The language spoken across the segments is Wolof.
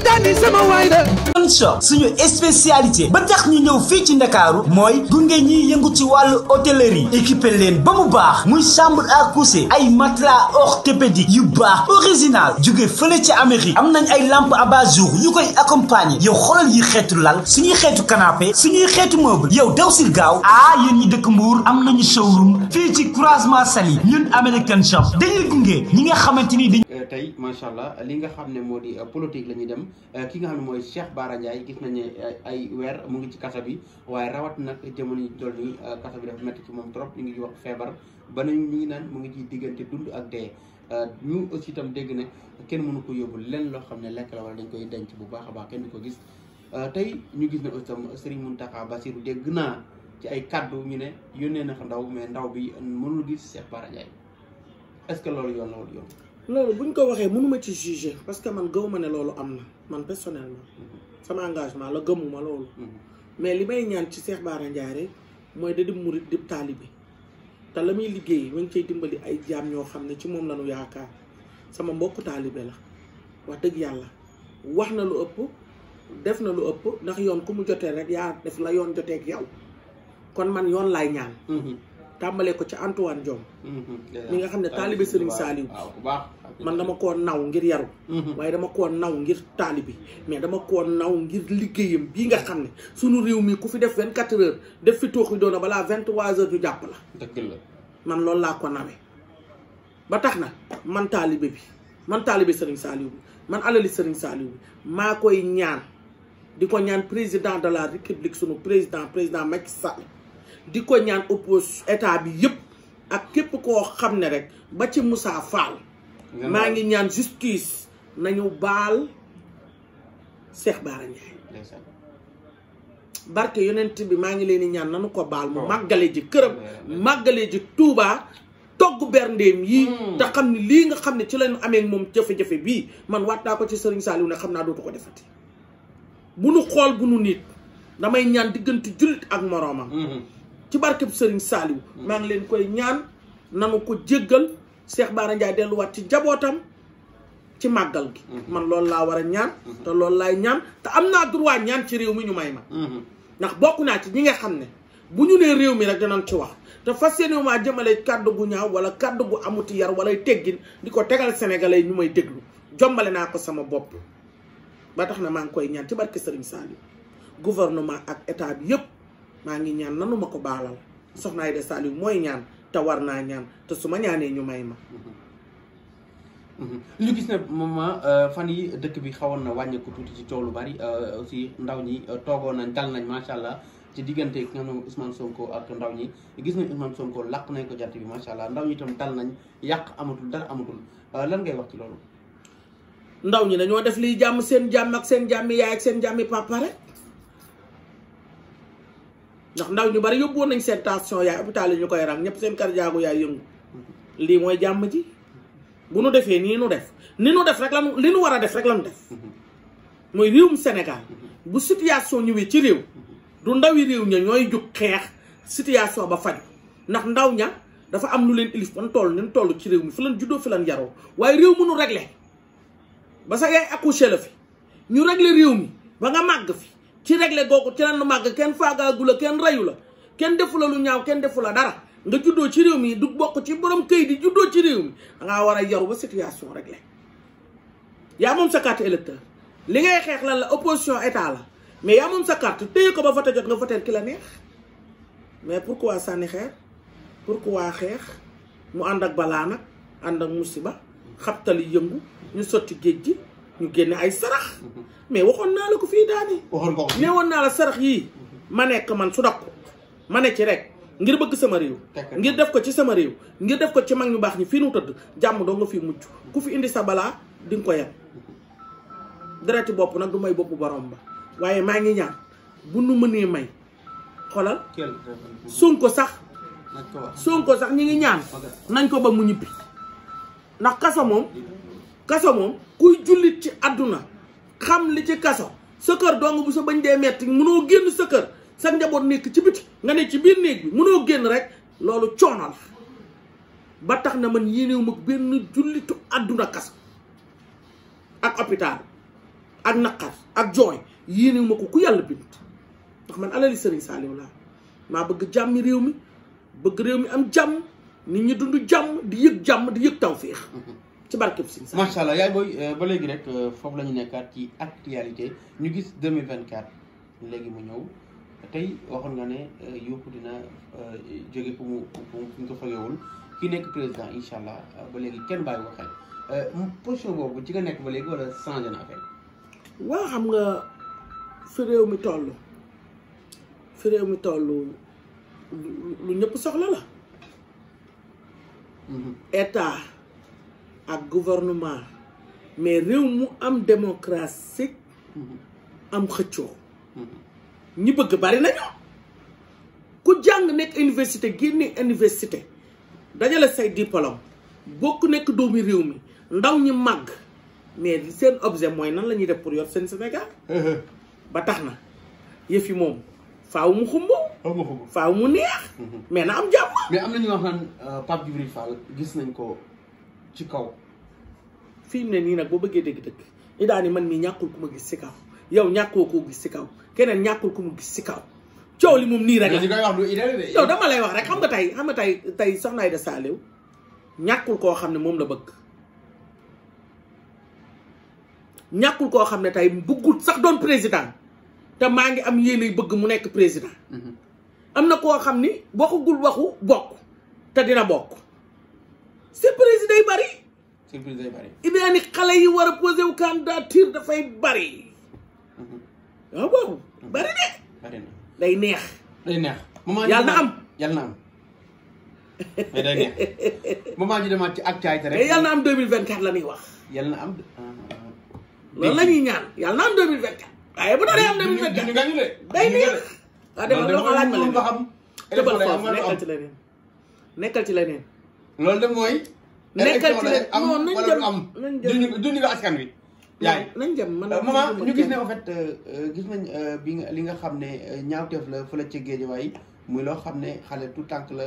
Mauritanie sama waay suñu spécialité ba tax ñu ñëw fii ci Ndakaaru mooy gunge ñiy yëngu ci wàllu hôtellerie équipé leen ba mu baax muy chambre à ay matelas orthopédique yu baax original jóge fële ci Amérique am nañ ay lampe abat-jour yu koy accompagner yow xoolal yi xeetu lal suñuy xeetu canapé suñuy xeetu meuble yow daw si gaaw ah yéen ñi dëkk Mbour am nañu showroom fii ci croisement Saly ñun American Shop dañuy gunge ñi nga xamante ni dañ. Euh, tey macha allah li nga xam ne moo di euh, politique la ñuy dem. Eh, ki nga xam ne mooy Cheikh Bara Ndiaye gis nañ ne eh, ay weer mu ngi ci kaso bi waaye rawat nag jamono yi toll nii eh, kaso bi dafa métti ci moom trop ñu ngi wax feebar ba nañu ñu ngi naan mu ngi ciy diggante dund ak dee ñu aussi itam dégg ne kenn mënu ko yóbbu lenn loo xam ne lekk la wala dañ koy denc bu baax a baax kenn ko gis tey ñu gis ne aussi itam Serigne Mountakha Bassirou dégg naa ci ay kaddu ñu ne yónnee na ko ndaw mais ndaw bi mënul gis Cheikh Bara Ndiaye ce que loolu yoon la wala yoon loolu buñ ko waxee mënuma ci juger parce que man gëw ma ne loolu am na man personnellement sama engagement la gëmuma loolu mm-hmm. mais li may ñaan ci Cheikh Bara Ndiaye mooy da di murit di taalibe te la muy liggéey mu ngi cay dimbali ay jaam ñoo xam ne ci moom lañu yaakaar sama mbokku taalibe la wax dëgg yàlla wax na lu ëpp def na lu ëpp ndax yoon ku mu jotee rek yaa def la yoon jotee ak yow kon man yoon laay ñaan mm-hmm. tàmbalee ko ci Antoine Diome mm-hmm. mi nga xam ne taalibi Serigne Saliou bi man dama koo naw ngir yaru mm-hmm. waaye dama koo naw ngir taalibi mais dama koo naw ngir liggéeyam bii nga xam ne sunu réew mi ku fi def vingt quatre heures def fi doon doona balaa vingt trois heures ñu jàpp la dëgg la man loolu laa ko nawee ba tax na man taalibe bi man taalibe Serigne Saliou bi man alali Serigne Saliou bi maa koy ñaan di ko ñaan président de la république sunu président président Macky Sall di ko ñaan oppose état bi yëpp ak képp koo xam ne rek ba ci Moussa Fall maa ngi ñaan justice nañu baal Cheikh Bara Ndiaye barke yonent bi maa ngi leen di ñaan nanu ko baal mu oh. màggale ji këram màggale ji Touba togg berndeem yi mm. te xam ne lii nga xam ne ci lañu amee moom jafe-jafe bii man wattaa ko ci Serigne Saliou ne xam naa dootu ko defati bu nu xool bu nu nit damay ñaan diggante jullit ak moroomam mm-hmm. ci barkeb sëriñ Saaliw maa ngi leen koy ñaan na nanu ko jëggal Cheikh Bara delluwaat ci jabootam ci màggal gi mhm. man loolu laa war a ñaan mhm. te loolu laay ñaan te am naa droit ñaan ci réew mi ñu may ma mhm. ndax bokk naa ci ñi nga xam ne bu ñu nee réew mi rek danañ ci wax te fa yéene maa jëmale kàddu gu ñaaw wala kàdd gu amuti yar wala teggin di ko tegal sénégalais ñu may déglu jombale naa ko sama bopp ba tax na maa ngi koy ñaan ci barke Serigne Saliou gouvernement ak état yëpp maa ngi ñaan nanu ma ko baalal soxna Aida Saliou mooy ñaan te war naa ñaan te su ma ñaanee ñu may ma. Mhm. ñu gis ne maman euh, fan yi dëkk bi xawoon na wàññeeku tuuti ci coow lu bari euh, aussi ndaw ñi euh, toogoon nañ dal nañ macha allah ci diggante ki nga xam Ousmane Sonko ak ndaw ñi gis nañ Ousmane Sonko làq nañ ko jant bi macha allah ndaw ñi itam dal nañ yàq amatul dara amatul lan ngay wax ci loolu. ndaw ñi dañoo def liy jàmm seen jàmm ak seen jàmm yaay ak seen jàmmi papa rek ndax ndaw ñi bari yóbboon woon nañ seen tension yaay hôpital yi ñu koy rang ñëpp seen kar jaagu yaay yëngu lii mooy jàmm ji bu nu defee nii nu def ni nu def rek lan li nu war a def rek lan def mooy réewum senegal bu situation ñëwee ci réew du ndawi réew ña ñooy jug xeex situation ba faj ndax ndaw ña dafa am lu leen ilif ban toll nen toll ci réew mi fi lan juddoo fi lan yaroo waaye réew mënu régler ba sa yaay accouché la fi ñu régler réew mi ba nga màgg ci régler googu ci ren màgg kenn faagaagu la kenn reyu la kenn defu la lu ñaaw kenn defu la dara nga juddoo ci réew mi du bokk ci borom këy di juddoo ci réew mi da war a yaru ba situation réglé yaa moom sa carte électeur li ngay xeex lan la opposition état la mais yaa moom sa carte téye ko ba vote jot nga voteel ki la neex mais pourquoi sànni xeer waa xeex mu ànd ak balaa nag ànd ak musiba xabtali yëngu ñu sotti géej gi ñu génne ay sarax mais waxoon naa la ko fii daani waxoon ko woon naa la sarax yii ma nekk man su dakk ma ne ci rek ngir bëgg sama réew ngir def ko ci sama réew ngir def ko ci mag ñu baax ñi fii nu tëdd jàmm doo nga fii mucc ku fi indi sa balaa di ko yem dereti bopp nag du may bopp borom ba waaye maa ngi ñaan bu nu mënee may xoolal xolal Sonko sax Sonko sax ñi ngi ñaan nañ ko ba mu ñibbi ndax kasa moom kaso moom kuy jullit ci àdduna xam li ci kaso sa kër dong bu sa bañ dee metti mënoo génn sa kër sa njaboot nekk ci biti nga ne ci biir néeg bi mënoo génn rek loolu coonal ba tax na man yéenewu ma benn jullitu àdduna kaso ak hôpital ak naqar ak jooy yéenewu ko ku yàlla bind ndax man alali sëriñ Saaliw laa maa bëgg jàmmi réew mi bëgg réew mi am jàmm nit ñi dund jàmm di yëg jàmm di yëg tawféex ci barkeb si. macha allah yaay booy euh, ba léegi rek euh, foofu la ñu nekkaat ak actualité ñu gis 2024 léegi mu ñëw tey waxoon nga ne euh, yokku dina jóge fu mu fu mu ko fegewul ki nekk président incha allah ba léegi kenn bàyyi ko xel position boobu ci nga nekk ba léegi wala changé na affaire. waaw xam nga fi réew mi toll fi réew mi toll lu ñëpp soxla la. Mm-hmm. ak gouvernement mais réew mu am démocratie am xëccoo ñi bëgg bari nañu ku jàng nekk université génne université dajale say diplôme bokk nekk doomi réew mi ndaw ñi màgg mais seen objet mooy nan la ñuy def pour yor seen Sénégal ba tax na yëf yi moom faaw mu xumb faaw mu neex mais na am jàmm mais am nañu wax nga xam euh, Pape Djibril Fall gis nañ ko ci kaw fi mu ne nii nag boo bëggee dëgg-dëgg Ida ni man mii ñàkkul ku ma gis si kaw yow ñàkkoo koo gis si kaw keneen ñàkkul ku ma gis si kaw coow li moom nii rek la. yow dama lay wax rek xam nga tey xam nga tey tey soxnaay de Saliou ñàkkul koo xam ne moom la bëgg ñàkkul koo xam ne tey bëggul sax doon président te maa ngi am yéene bëgg mu nekk président. Mhm. am na koo xam ni waxugul waxu bokk te dina bokk. surprise day bari. surprise day bari. idée ni xale yi war a posé wu candidature dafay bari. waaw ah boobu bari de. bari na day neex. day neex moment yàlla na am yàlla na am. mais day neex moment ji demaat ci ak caay te rek. yàlla na am deux mille vingt quatre la ñuy wax. yàlla na am. Ah. loolu la ñuy ñaan yàlla na am deux mille vingt quatre. waaye bu doonee am deux mille vingt quatre ñu ñu day neex. waaw demal loo ko laaj ma leneen tëbal foofu nekkal ci leneen nekkal ci leneen. loolu de mooy. nekkal ci rek am wala du am duñu duñu askan wi. yaay nañ jëm man euh, maman ñu gis ne en fait euh, gis nañ euh, bi nga li xam ne ñaawteef la fële ca géejawaay muy loo xam ne xale tout tànk la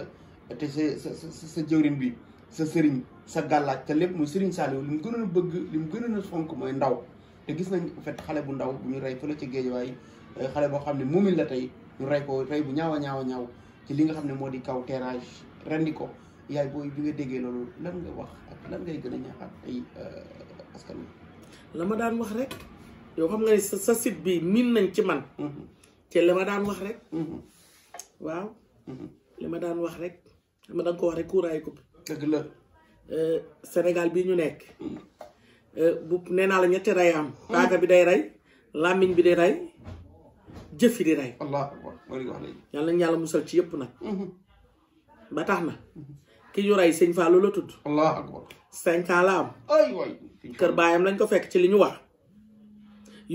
te sa sa sa jëwrin bi sa sëriñ sa gàllaaj te lépp muy sëriñ Saliou li mu gënoon a bëgg li mu gënoon a fonk mooy ndaw te gis nañ fet xale bu ndaw bu ñu rey fële ca géejawaay xale boo xam ne moomin la tey ñu rey ko rey bu ñaaw a ñaaw a ñaaw ci li nga xam ne moo di kaw terrage rendi ko yaay booy bi nga déggee loolu lan nga wax ak lan ngay gën a euh, la ma daan wax rek yow xam nga sa sa site bi miin nañ ci man. Mm-hmm. la ma daan wax rek. Mm-hmm. waaw. Mm-hmm. ma daan wax rek ma danga ko wax rek kuuraayu ko. Euh, Sénégal bii ñu nekk. Euh, bu nee naa la ñetti rey am. bi day rey. làmmiñ bi di rey. jëf yi di rey. yàlla na yàlla musal ci yëpp nag. ba tax na. ki ñu rey sëñ Fallou la tudd. allah akbar cinq ans la am. kër baayam lañ ko fekk ci li ñu wax.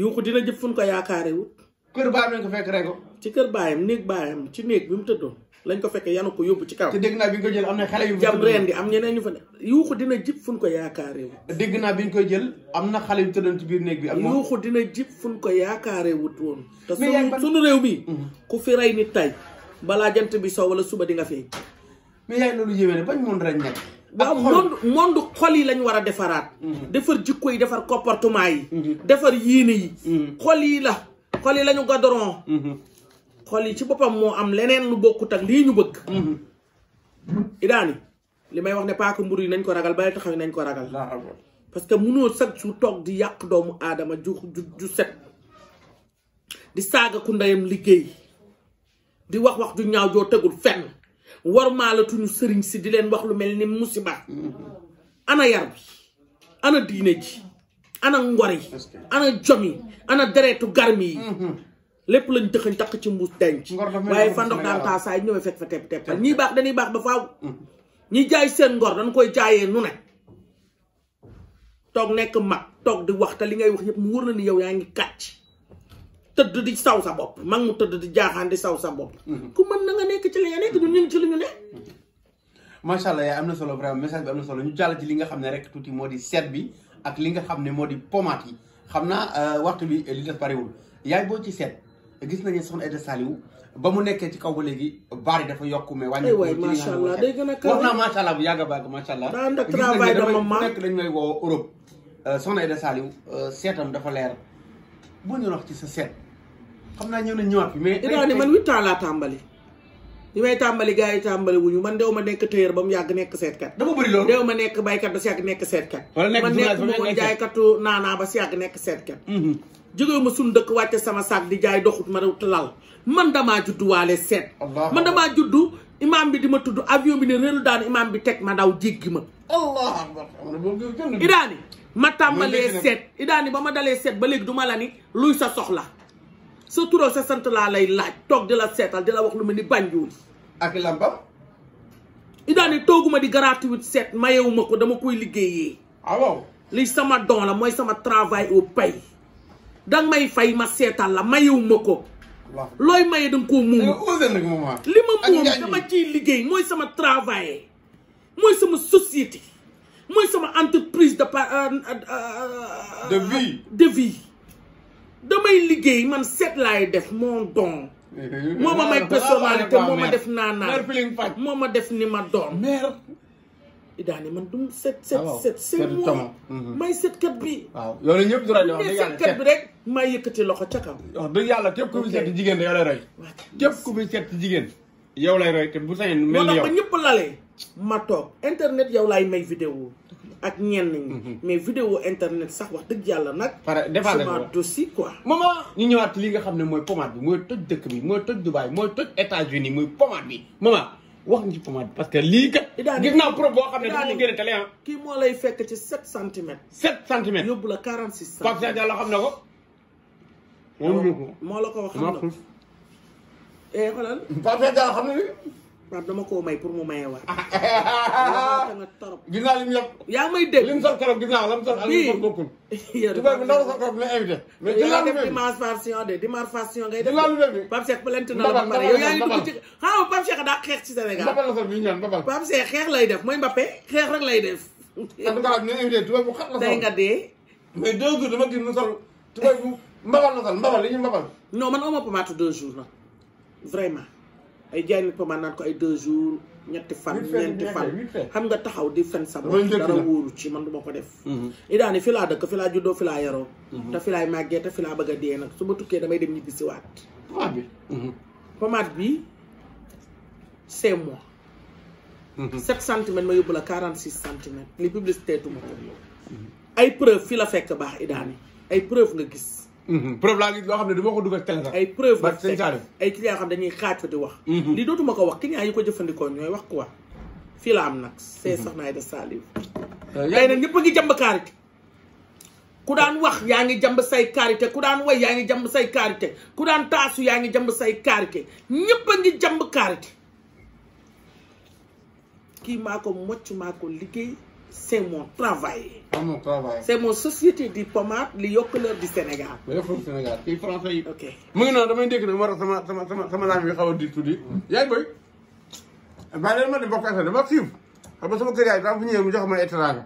yuuxu dina jëf fuñ ko yaakaaree wut. kër baayam lañ ko fekk rek ci kër baayam néeg baayam ci néeg bi mu tëddoon lañ ko fekkee yanu ko yóbbu ci kaw. te dégg bi ñu ko am na xale yu. jam reen di am ñeneen ñu fa ne yuuxu dina jib fuñ ko yaakaaree wut. dégg naa bi ñu koy jël am na xale yu ci biir néeg bi. ak moom yuuxu dina jib fuñ ko yaakaaree wut woon. te sunu réew bi mhm. ku fi rey nit tey balaa jant bi soo wala suba di nga mais yaay loolu yéwéne bañ monde lañ nekk. waaw monde monde xol yi lañu war a defaraat. Mm-hmm. defar jikko yi defar comportement yi. Mm-hmm. defar yéene yi. Mm-hmm. xol yi la xol yi lañu gadoron. xol yi ci boppam moo am leneen lu bokkut ak lii ñu bëgg. idaani li may wax ne paaka mburu yi nañ ko ragal bale taxaw yi nañ ko ragal. parce que munoo chaque jour toog di yàq doomu aadama ju ju set. di saaga ku ndeyam liggéey di wax wax ju ñaaw joo tegul fenn. war maalatuñu sëriñ si di leen wax lu mel ni musiba ana yar bi ana diine ji ana ngor yi ana jom yi ana deretu garmi yi mhm. lépp lañ dëxañ takk ci mbuus denc waaye fa ndox daan taasaay ñëwee fekk fa tepp teppal ñii baax dañuy baax ba faaw mhm. ñi jaay seen ngor dañ koy jaayee nu ne toog nekk mag toog di wax li ngay wax yëpp mu wër na ni yow yaa ngi kàcc tëdd di saw sa bopp mag mu tëdd di jaaxaan di saw sa bopp mhm. ku mën na nga nekk ci li nga mhm. macha allah am na solo vraiment message am na solo ñu jàll ci li nga xam ne rek tuuti moo di seet bi ak li nga xam ne moo di pommade yi xam naa euh, waxtu bi euh, li des bariwul yaay boo ci seet gis nañu soxna Aida Saliou ba mu nekkee ci kaw ba léegi baar yi dafa yokk mais wàññi waay macha allah day gën bu yàgg a bàgg macha allah daan da travail de maman may woo Europe euh, soxna Aida Saliou seetam dafa leer boo ñu wax ci sa seet xam na ñëwaat bi mais. dinaa ne man huit ans laa tàmbali. li may tàmbali gars yi tàmbali wuñu man dew ma nekk tailleur ba mu yàgg nekk seetkat. dafa bëri loolu nekk baykat ba si yàgg nekk seetkat. wala nekk journaliste ba si nekk seetkat. Mm-hmm. jógewu ma suñu dëkk wàcce sama saak di jaay doxut ma lal man damaa juddu waale seet. man damaa juddu imaam bi di ma tudd avion bi ne réeru daan imaam bi teg ma daw jéggi ma. allah idaani ma tàmbalee seet idaani ba ma dalee seet ba léegi du ma la ni luy sa soxla sa turoo sa sant laa lay laaj toog di la seetal di la wax lu mel ni bànjool ak lambam idaani tooguma di gratuite seet mayewuma ko dama koy liggéeyee ah, waaw li sama don la mooy sama travail au pays danga may fay ma seetal la mayewuma ko looy maye danga koo muum eh, ah. li ma muum dama ciy liggéey mooy sama travail mooy sama société mooy sama entreprise de euh, euh, euh, de vie de vie damay liggéey man seet laay def moo don eh, moo ma may personnalité moo ma def naanaa moo ma def ni ma doon mère idaani man dum set set ah, set seet moom mhm. may seetkat bi waaw loolu ñëpp du rajo mais seetkat bi rek maa yëkkati loxo ca kaw wax dëgg yàlla képp ku muy seet jigéen yow lay roy képp ku muy jigéen yow lay roy te bu sañoon mel ni yow moo tax ba ñëpp ma toog internet yow laay may vidéo ak ñenn ñi. Mhm. mais vidéo internet sax wax dëgg yàlla nag. pare défendre semence si quoi. maman ñu ñëwaat li nga xam ne mooy pommade bi mooy toj dëkk bi mooy toj Dubaï mooy toj États-Unis mooy pommade bi maman wax nga ci pommade bi parce que lii kat. gis naa pro boo xam ne dafa gën a télé ah. kii moo lay fekk ci 7 centimètres. 7 centimètres yóbbu la 46 centimètres. Pape Diallo xam na ko. moo la ko wax xam na ko. eh xoolal Pape Diallo xam na Pape ma ko may pour mu mayewaat. ah nga torop. gis naa lim yëpp. yaa may dégg lim naa lam sol. bii mais ci laalu bébé dimanche de dimanche fàccion ngay def. laalu bébé Pape Cheikh plante na la pare yow ñu naan Mbapal. Pape lay def mooy Mbappé la sol. tey nga dee. mais deux dama gis mu sol tubaab bu Mbapal la sol Mbapal li ñu Mbapal. non man amoo pommade deux jours nag ay jaay nit pommade naan ko ay deux jours ñetti fan ñeenti fan xam nga taxaw di fen sa dara wóoru ci man du ma ko def mhm. idaani fi laa dëkk fi laa juddoo fi yaroo mhm. te fi laay te fi bëgg a dee nag su ma tukkee damay dem ñibbi si waat pommade bi mhm. pommade bi c'est moi sept centimètres ma yóbbu la quarante six centimètres li publicité tuma ay preuve fi la fekk baax idaani ay preuve nga gis Mhm. preuve laa ngi loo xam ne du ma ko dugal télé ay preuve la ay client xam dañuy xaaj fa di wax mhm. lii dootuma ko wax ki client yi ko jëfandikoo ñooy wax quoi fii la am nag see mhm. soxna Aida Saliou euh, tey nag ñëpp a ngi jàmb karité ku daan wax yaa ngi jàmb say karité ku daan way yaa ngi jàmb say karité ku daan taasu yaa ngi jàmb say karité ñëpp a ngi jàmb karité kii maa ko mocc maa ko liggéey c'est mon travail. c'est mon travail. diplomate li yokk leur di Sénégal. li yokk leur Sénégal ci français yi. ok mu ngi noonu damay dégg nag war a sama sama sama sama laaj xaw a di tuuti. yaa ngi bëri. bàyyi ma di bokk ak xam nga sama kër yaay daa fu ñëwee mu jox ma étranger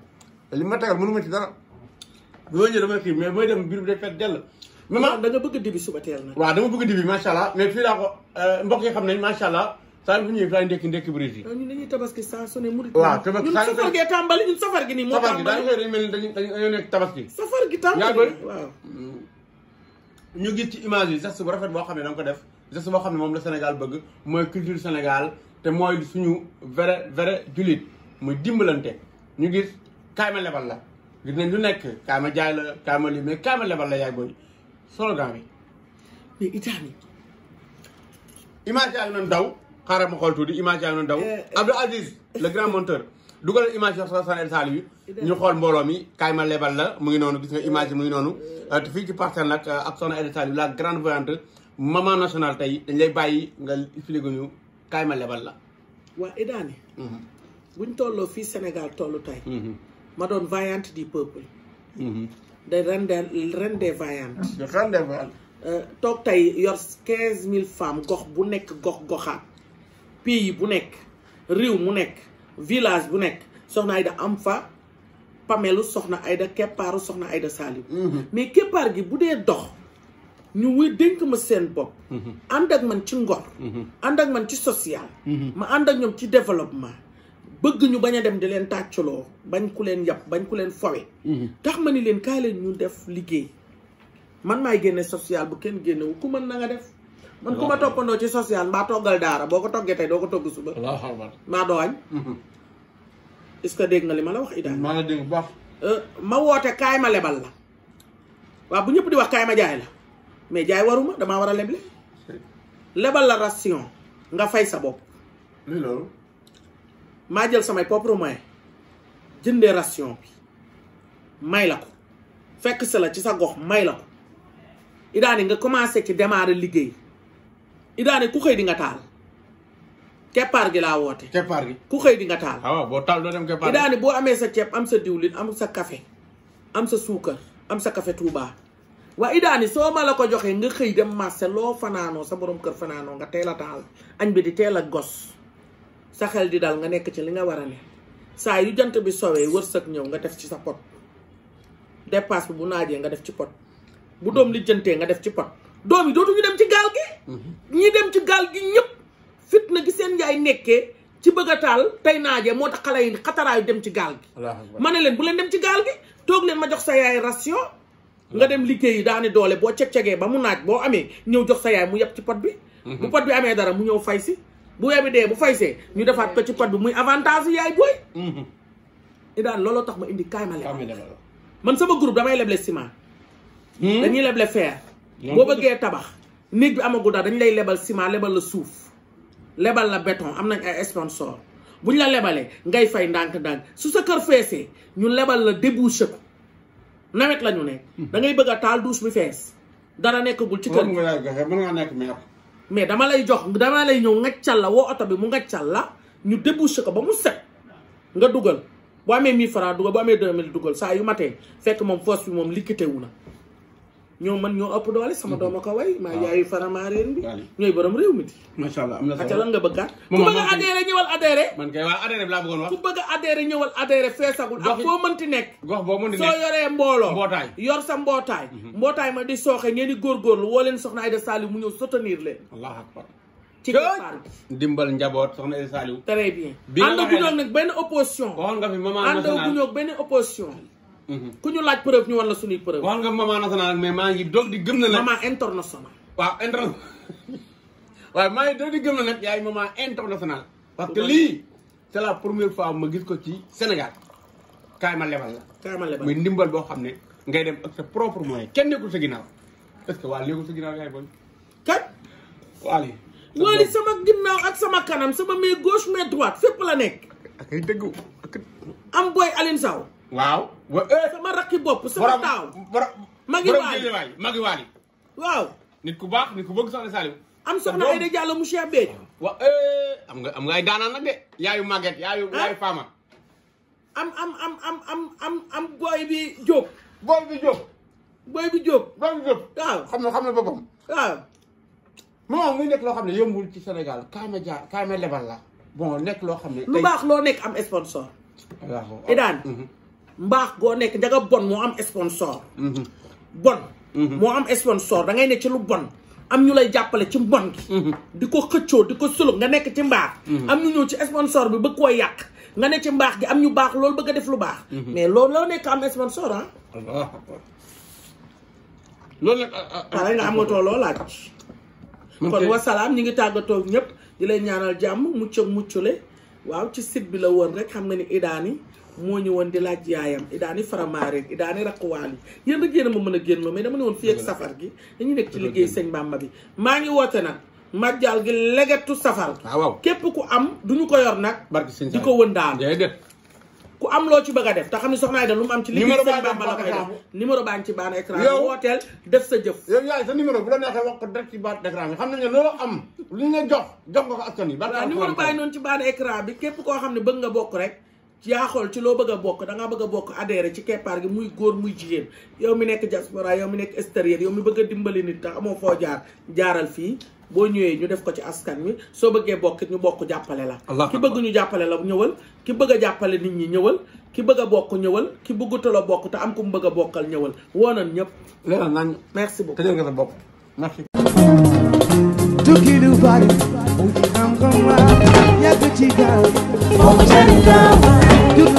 li ma tegal mënu ma ci dara. bi ma ñëwee dama xiif mais mooy dem biir bi day fekk dell. maman da nga bëgg dibi suba teel na. waaw dama bëgg dibi macha allah mais fii laa ko euh, mbokk xam nañ macha allah. saa yu fi ñëwee daay ndekki ndekki bu rëy yi. ñun dañuy tabaski saa su ne murit. waaw tabaski ñun safar gee tàmbali ñun safar gi nii moo tàmbali safar gi dañu mel ni dañu dañoo nekk tabaski. safar gi tàmbali waaw ñu gis ci image yi geste bu rafet boo xam ne da nga ko def geste boo xam ne moom la Sénégal bëgg mooy culture Sénégal te mooy suñu vrai vrai jullit muy dimbalante ñu gis kaay ma lebal la gis nañ lu nekk kaay ma jaay la kaay ma lii mais kaay ma lebal la yaay booy slogan bi. mais Italie. image yaa ngi doon daw. xaaral ma xool tuuti image yaa ngi daw. Eh, eh. Abdou Aziz le grand monteur. dugalal image yoo xam ne saal ñu xool mbooloo mi kaay ma lebal la mu ngi noonu gis nga eh. image yi mu ngi noonu. Euh, te fii ci parcelle nag euh, ak soxna Aida Saliou la grande voyante maman nationale tey dañ lay bàyyi nga expliqué ñu kaay ma lebal la. waa Idaani. Mhm. buñ tolloo fii Sénégal tollu tey. Mhm. ma doon voyante du peuple. Mhm. de ren de des voyantes. ren des voyantes. Euh, toog tey yor 15000 femmes gox bu nekk gox goxaat. pays bu nekk réew mu nekk village bu nekk soxna Aida am fa pamelu soxna Aida keppaaru soxna Aida Saliou mhm. mais keppaar gi bu dee dox ñu wuy dénk ma seen bopp mhm. ànd ak man ci ngor mhm. ànd ak man ci social ma ànd ak ñoom ci développement bëgg ñu bañ a dem di leen tàccaloo bañ ku leen yàpp bañ ku leen fowe tax ma ni leen kaay leen ñu def liggéey man maay génne social bu kenn génnewu ku mën na def man ku ma toppandoo ci social mbaa toggal daara boo ko toggee tey doo ko togg suba. maa doo añ. Mm-hmm. est-ce que dégg nga li ma la wax Ida. maa la dégg baax. Euh, ma woote kaay ma lebal la waaw bu ñëpp di wax kaay ma jaay la mais jaay waruma damaa war a leble. lebal la ration nga fay sa bopp. loolu. maa jël samay propre moyen jëndee ration bi may la ko fekk sa la ci sa gox may la ko Ida nga commencé ci démarrer liggéey. idaane ku xëy di nga taal keppaar gi laa woote. keppaar gi ku xëy di nga taal. Ah, boo taal doo dem keppaar gi idaane boo amee sa ceeb am sa diwlin am sa café am sa suukar am sa café waa idaani soo ma la ko joxee nga xëy dem loo fanaanoo sa borom kër fanaanoo nga teel a taal añ bi di teel a gos sa xel di dal nga nekk ci li nga war a ne saa yu jant bi sowee wërsëg ñëw nga def ci sa pot dépasse bi bu naajee nga def ci pot bu doom li jëntee nga def ci pot doom yi dootuñu dem ci gaal gi mhm. ñi dem ci gaal gi ñëpp fitna gi seen yaay nekkee ci bëgg a taal tey naaje moo tax xale yi xataraayu dem ci gaal gi ma ne leen bu leen dem ci gaal gi toog leen ma jox sa yaay ration nga dem liggéey liggéeyi daani doole boo ceg-cegee ba mu naaj boo amee ñëw jox sa yaay mu yeb ci pot bi mhm. bu pot bi amee dara mu ñëw fay si bu webi dee bu fay see ñu defaat ko ci pot bi muy avantage yaay booy mhm. i daan looloo tax ma indi kaay ma lebal man sama groupe damay leble ciment hmm? dañuy leble fer boo bëggee tabax néeg bi amagul daal dañ lay lebal ciment lebal la suuf lebal la béton am nañ ay sponsor buñ la lebalee ngay fay ndànk-ndànk su sa kër feesee ñu lebal la débouché ko nawet la ñu nekk. Hmm. da ngay bëgg a taal douche bi fees. dara nekkagul ci kër gi mën nga nekk maire. mais dama lay jox dama lay ñëw ngaccal la woo oto bi mu ngaccal la ñu débouché ko ba mu set nga dugal boo amee 1000 francs dugal boo amee 2000 dugal saa yu matee fekk moom fosse bi moom liquité wu na. ñoo man ñoo ëpp doole sama doom a way mhm. maa yaayu faramareen bi ñooy borom réew mi di allah am na solo lan a adhéré ñëwal adhéré man kay waa adhéré bi laa bëggoon boo mënti soo yoree mbooloo yor sa mbootaay mhm. mbootaay ma di sooxe ngeen di góorgóorlu woo leen soxna Aïda Saliou mu ñëw soutenir leen allahu akbar ci départ bi dimbal njaboot soxna Aïda Saliou très bien ànda gu ñoog nag benn opposition waxoon gu ñoog benn opposition Mhm. ku ñu laaj preuve ñu war la suñuy preuve. wax nga maman nationale mais maa ngi doog di gëm na. maman international. waaw international waaye maa ngi doog di gëm na nag yaay maman international. parce que lii c'est la première fois ma gis ko ci Sénégal kaay ma lebal la. muy ndimbal boo xam ne ngay dem ak sa propre moyen kenn nekkul sa ginnaaw est que waa nekkul sa ginnaaw sama ginnaaw ak sama kanam sama main gauche main droite la nekk. ak ay dëggu am booy Alioune Sow waaw. wa eh, sama rakki bopp sama taaw. magi waali waali waaw. nit ku baax nit ku bëgg soxna Saliou. am soxna Aïda Diallo mu Cheikh Béthio. wa eh, am nga am nga ay daanaan nag de. yaayu Maguette yaayu yaayu Fama. am am am am am am am booy bi Diop. booy bi Diop. booy bi Diop. booy bi Diop waaw xam na xam na boppam. waaw. moom nekk loo xam ne yombul ci senegal kaay ma jaar kaay ma lebal la bon nekk loo xam ne. lu baax loo nekk am sponsor. waaw Idaan. mbaax goo nekk da bon moo am sponsor. bon. Mhm. moo am sponsor da ngay ne ci lu bon. am ñu lay jàppale ci mbon gi. Mhm. di ko xëccoo di ko sulug nga nekk ci mbaax. Mhm. am ñu ñëw ci sponsor bi bëgg koo yàq nga ne ci mbaax gi am ñu baax loolu bëgg a def lu baax. mais loolu loo nekk am sponsor ah. loolu nag. Ah, ah, pare nga amatoo loo laaj. kon wasalaam ñi ngi tàggatoo ñëpp di lay ñaanal jàmm mucc muccule waaw ci site bi la woon rek xam nga ni idaani moo ñëwoon di laaj yaayam idaani faramaareen idaani raquwaal yi yéen rek yéen a ma mën a génn ma mais dama ne woon fii ak safar gi dañu nekk ci liggéey sëñ ma bi maa ngi woote nag majjal gi legetu safar ah, waaw képp ku am duñu ko yor nag di ko wëndaal ku am loo ci a def ci liggéey sëñ def numéro baa ngi ci baana écran wooteel def sa jëf yow yaay sa numéro bu la neexee wax ko direct ci baana écran bi xam nañ ne loolu am lu ñu ne jox jox ci baana écran bi képp koo xam ne bëgg nga bokk rek yaa xool ci loo bëgg bokk dangaa ngaa bëgg a bokk adhéré ci keppaar gi muy góor muy jigéen yow mi nekk diaspora yow mi nekk extérieur yow mi bëgg dimbali nit tax amoo foo jaar jaaral fii boo ñëwee ñu def ko ci askan wi soo bëggee bokk ñu bokk jàppale la ki bëgg ñu jàppale la ñëwal ki bëgg a jàppale nit ñi ñëwal ki bëgg bokk ñëwal ki bëggutal a bokk te am ku mu bëgg bokkal ñëwal woonan ñëpp leeral nañ merci beaucoup tëjal nga sa bopp merci tukki du bari ci gaaw moo ma jëriñ gaaw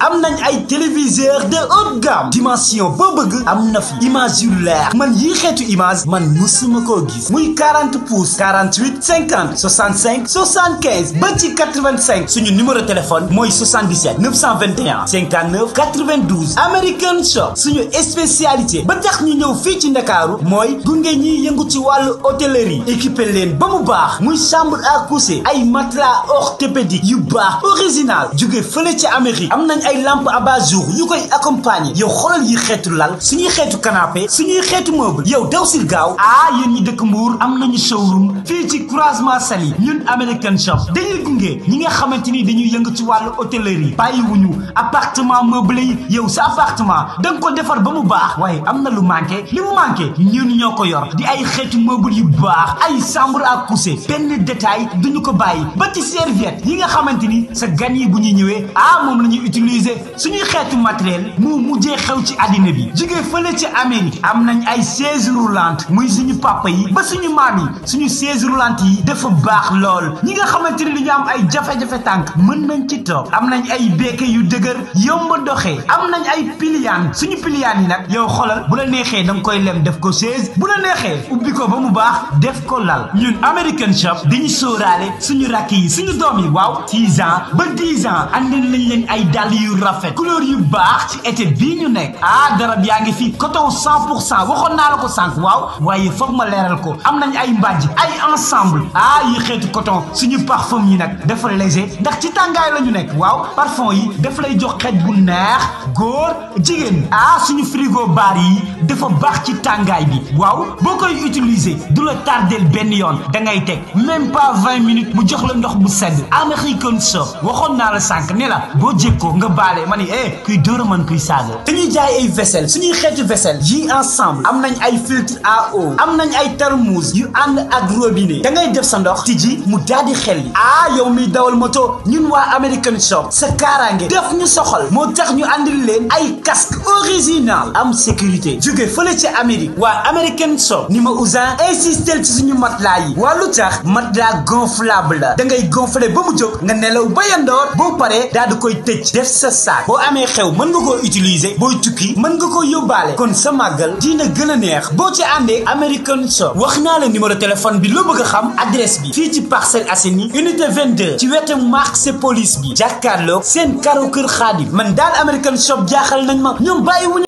am nañu ay téléviseur de haute gamme dimension boo bëgg am na fi image yu leer man yii xeetu image man musuma koo gis muy 40 pouces 48 50 65 75 ba ci 85 suñu numéro téléphone mooy 77 921 59 92 American Shop suñu spécialité ba tax ñu ñëw fii ci Ndakaaru mooy gunge ñi yëngu ci wàllu hôtellerie équipé leen ba mu baax muy chambre à coucher ay matelas orthopédique yu baax original jóge fële ci Amérique am nañ nañ ay lampe abat-jour yu koy accompagner yow xoolal yi xeetu lal suñuy xeetu canapé suñuy xeetu meuble yow daw si gaaw ah yéen ñi dëkk Mbour am nañu showroom fii ci croisement Saly ñun American Shop dañuy gunge ñi nga xamante ni dañuy yëngu ci wàllu hôtellerie bàyyi wuñu appartement meublé yi yow sa appartement da nga ko defar ba mu baax waaye am na lu manqué li mu manqué ñun ñoo ko yor di ay xeetu meuble yu baax ay ak à coucher benn détail duñu ko bàyyi ba ci serviette yi nga yi bu ñuy ñëwee ah, su suñuy xeetu matériel moo mujjee xew ci àddina bi jugee fële ci Amérique am nañ ay chaise roulante muy suñu papa yi ba suñu maam yi suñu chaise roulante yi dafa baax lool ñi nga xamante ni dañu am ay jafe tànk mën nañ ci toog am nañ ay béke yu dëgër yomb a am nañ ay piliyaan suñu piliyaan yi nag yow xoolal bu la neexee da koy lem def ko chaise bu la neexee ubbi ko ba mu baax def ko lal ñun American shop dañu sóoraale suñu rakk yi suñu doom yi waaw six ba dix ans lañ leen ay dàll yu rafet couleur yu baax ci été bii ñu nekk ah darab yaa ngi fii coton cent pour cent waxoon naa la ko sànq waaw waaye foog ma leeral ko am nañ ay mbàjj ay ensemble ah yi xeetu coton suñu parfum yi nag dafa léger ndax ci tàngaay la ñu nekk waaw parfum yi dafa lay jox xeet bu neex góor jigéen ah suñu frigo baar yi dafa baax ci tàngaay bi waaw boo koy utiliser du la tardeel benn yoon dangay teg même pas minutes mu jox la ndox bu sedd American soap waxoon naa la sànq ne yóbbaale ma ni eh, kuy dóora man kuy saaga dañuy jaay ay vaisselle suñuy xeeti vaisselle yi ensemble am nañ ay filtre à eau am nañ ay thermos yu ànd ak robinet da ngay def sa ndox tijji mu daal di xel yi ah yow miy dawal moto ñun waa American shop sa kaaraange def ñu soxal moo tax ñu àndil leen ay casque original am sécurité jóge fële ci Amérique waa American shop ni ma usan insistel ci suñu matelas yi wàllu tax matelas gonflable la da ngay gonfler ba mu jóg nga nelaw ba yandoor boo paree daal koy tëj def sa saak boo amee xew mën nga koo utiliser booy tukki mën nga koo yóbbaale kon sa màggal dina gën a neex boo ci àndee American Shop wax naa la numéro téléphone bi loo bëgg a xam adresse bi fii ci Parcelles Assainies unité 22 ci wetu marché police bi jàkkaarloog seen karo kër Xaadim man daal American Shop jaaxal nañ ma ñoom bàyyi wuñu